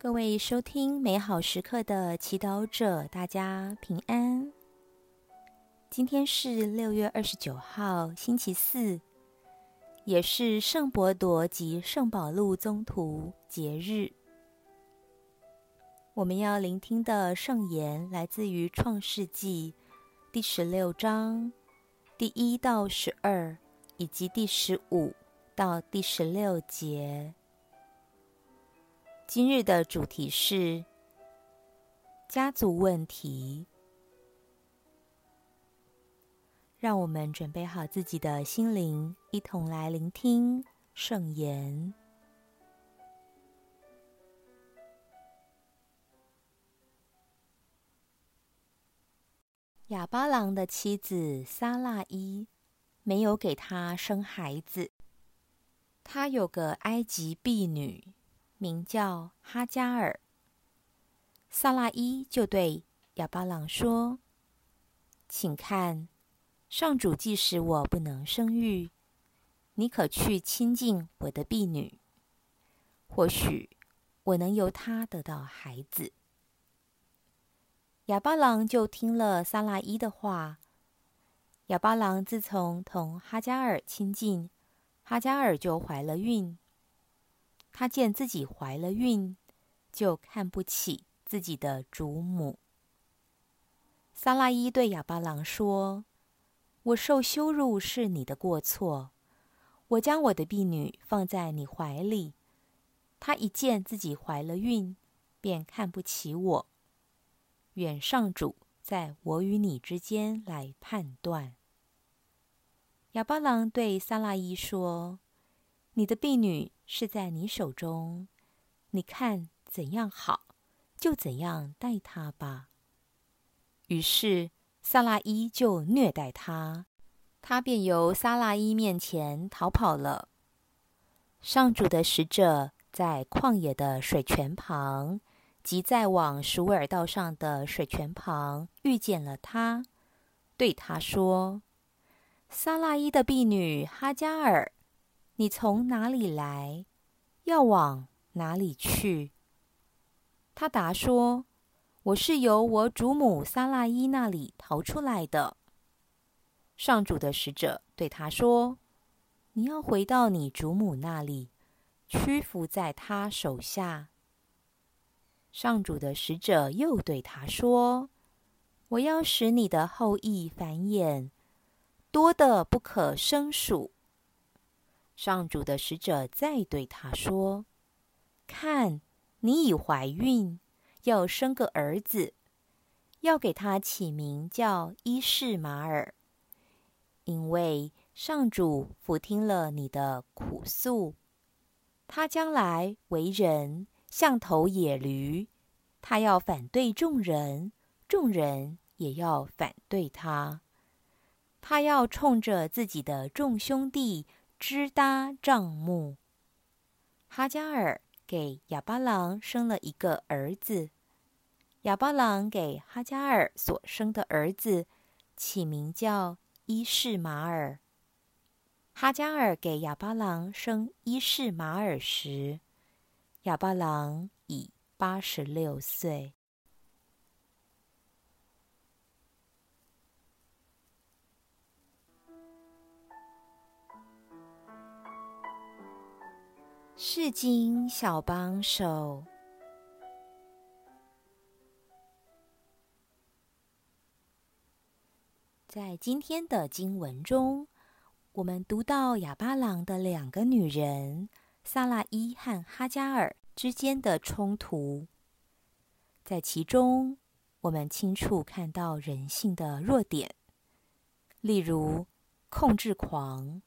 各位收聽美好時刻的祈禱者，大家平安。今天是六月二十九號，星期四，也是聖伯鐸及聖保祿宗徒節日。我們要聆聽的聖言來自於創世紀第十六章第一到十二，以及第十五到第十六節。今日的主題是家族問題。讓我們準備好自己的心靈，一同來聆聽聖言。亞巴郎的妻子撒拉伊沒有給他生孩子，他有個埃及婢女，名叫哈加爾。薩拉伊就對亞巴郎說：“請看，上主既使我不能生育，你可去親近我的婢女，或許我能由她得到孩子。”亞巴郎就聽了薩拉伊的話。亞巴郎自從同哈加爾親近，哈加爾就懷了孕。他見自己懷了孕，就看不起自己的主母。薩拉伊對亞巴郎說：“我受羞辱是你的過錯。我將我的婢女放在你懷裡，他一見自己懷了孕，便看不起我。願上主在我與你之間來判斷。”亞巴郎對薩拉伊說。你的婢女是在你手中，你看怎樣好，就怎樣待她吧。於是薩拉伊就虐待她，她便由薩拉伊面前逃跑了。上主的使者在曠野的水泉旁，即在往叔爾道上的水泉旁遇見了她，對她說：“薩拉伊的婢女哈加爾。”你從哪裡來，要往哪裡去？他答說：“我是由我主母撒拉伊那裡逃出來的。”上主的使者對他說：“你要回到你主母那裡，屈服在她手下。”上主的使者又對他說：“我要使你的後裔繁衍，多得不可勝數。”上主的使者再對他說：“看，你已懷孕，要生個兒子，要給他起名叫伊士馬爾，因為上主俯聽了你的苦訴。他將來為人像頭野驢，他要反對眾人，眾人也要反對他。他要衝着自己的眾兄弟。”支搭帳幕，哈加爾給亞巴郎生了一個兒子，亞巴郎給哈加爾所生的兒子起名叫伊士瑪爾。哈加爾給亞巴郎生伊士瑪爾時，亞巴郎已八十六歲。釋經小幫手。在今天的經文中，我們讀到亞巴郎的兩個女人薩拉伊和哈加爾之間的衝突，在其中，我們清楚看到人性的弱點，例如控制狂、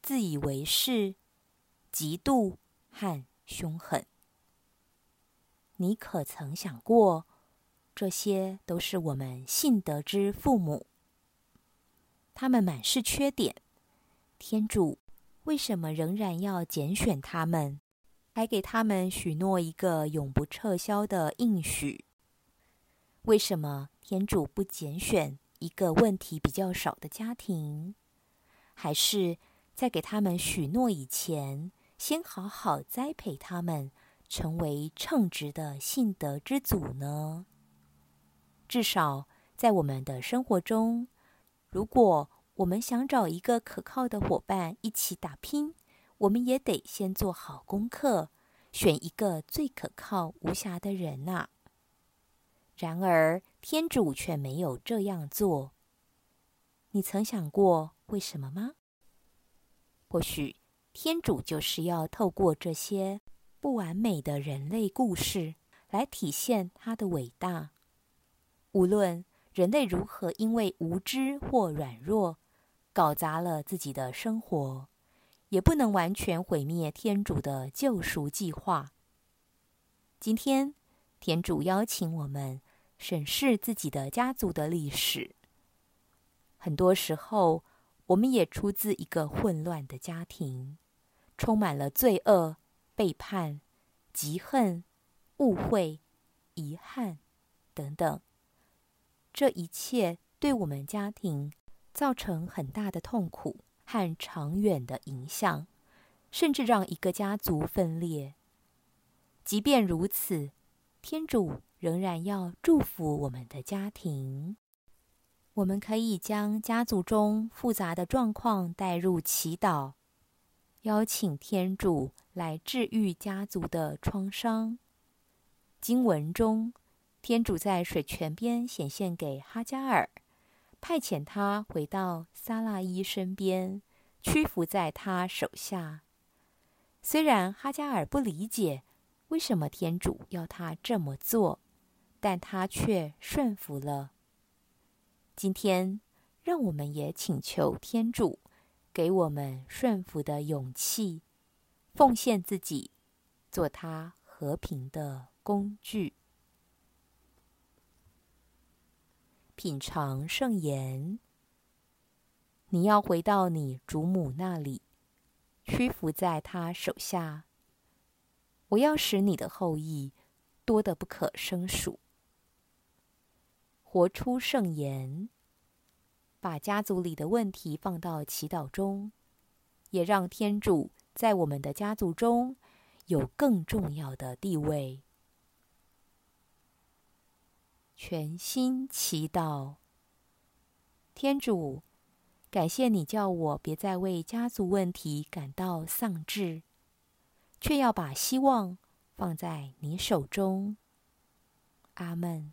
自以為是。嫉妒和兇狠，你可曾想過，這些都是我們信德之父母。他們滿是缺點，天主為什麼仍然要揀選他們，還給他們許諾一個永不撤銷的應許？為什麼天主不揀選一個問題比較少的家庭？還是在給他們許諾以前？先好好栽培他們，成為稱職的信德之祖呢。至少在我們的生活中，如果我們想找一個可靠的夥伴一起打拼，我們也得先做好功課，選一個最可靠無瑕的人吶、啊。然而，天主卻沒有這樣做。你曾想過為什麼嗎？或許。天主就是要透過這些不完美的人類故事來體現他的偉大。無論人類如何因為無知或軟弱搞砸了自己的生活，也不能完全毀滅天主的救贖計劃。今天，天主邀請我們審視自己的家族的歷史。很多時候，我們也出自一個混亂的家庭。充滿了罪惡、背叛、嫉恨、誤會、遺憾等等，這一切對我們家庭造成很大的痛苦和長遠的影響，甚至讓一個家族分裂。即便如此，天主仍然要祝福我們的家庭。我們可以將家族中複雜的狀況帶入祈禱。邀請天主來治癒家族的創傷。經文中，天主在水泉邊顯現給哈加爾，派遣他回到撒拉伊身邊，屈服在他手下。雖然哈加爾不理解為什麼天主要他這麼做，但他卻順服了。今天，讓我們也請求天主。給我們順服的勇氣，奉獻自己，做他和平的工具。品嘗聖言，你要回到你主母那裡，屈服在他手下。我要使你的後裔多得不可勝數，活出聖言。把家族裡的問題放到祈禱中，也讓天主在我們的家族中有更重要的地位。全心祈禱，天主，感謝你叫我別再為家族問題感到喪志，卻要把希望放在你手中。阿門。